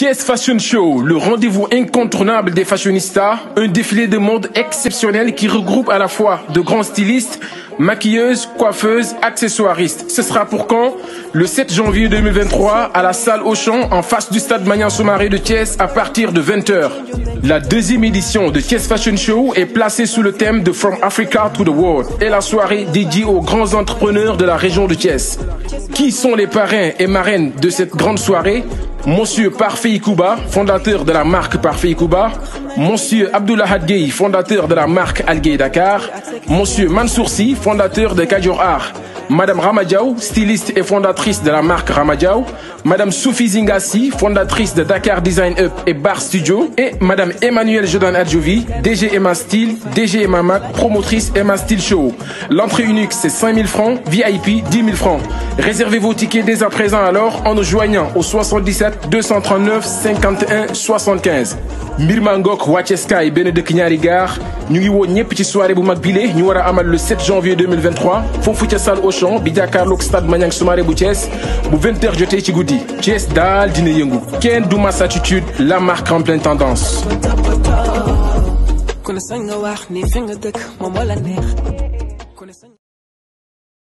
Kies Fashion Show, le rendez-vous incontournable des fashionistas, un défilé de monde exceptionnel qui regroupe à la fois de grands stylistes, maquilleuses, coiffeuses, accessoiristes. Ce sera pour quand Le 7 janvier 2023 à la salle Auchan en face du stade Magnan Soumaré de Thiès à partir de 20h. La deuxième édition de Thiès Fashion Show est placée sous le thème de From Africa to the World et la soirée dédiée aux grands entrepreneurs de la région de Thiès. Qui sont les parrains et marraines de cette grande soirée Monsieur Parfait fondateur de la marque Parfait Monsieur Abdullah Hadgey, fondateur de la marque Algey Dakar, Monsieur Mansoursi, fondateur de Kajor Art, Madame Ramadjaou, styliste et fondatrice de la marque Ramadjaou, Madame Soufi Zingassi, fondatrice de Dakar Design Up et Bar Studio, et Madame Emmanuelle Jodan Adjouvi, DG Emma Style, DG Emma Mac, promotrice Emma Style Show. L'entrée unique, c'est 5000 francs, VIP 10 000 francs. Réservez vos tickets dès à présent alors en nous joignant au 77 239 51 75. Mirmangok, Mangok, ngook et sky benn nous y gaar ñu ngi woon soirée bu mag amal le 7 janvier 2023 Fofu Sal salle Auchan bi jàkkaarloog stade Maniang Soumaré bu Thiès bu 20h jotee ci guddi Thiès daal dina Ken la marque en pleine tendance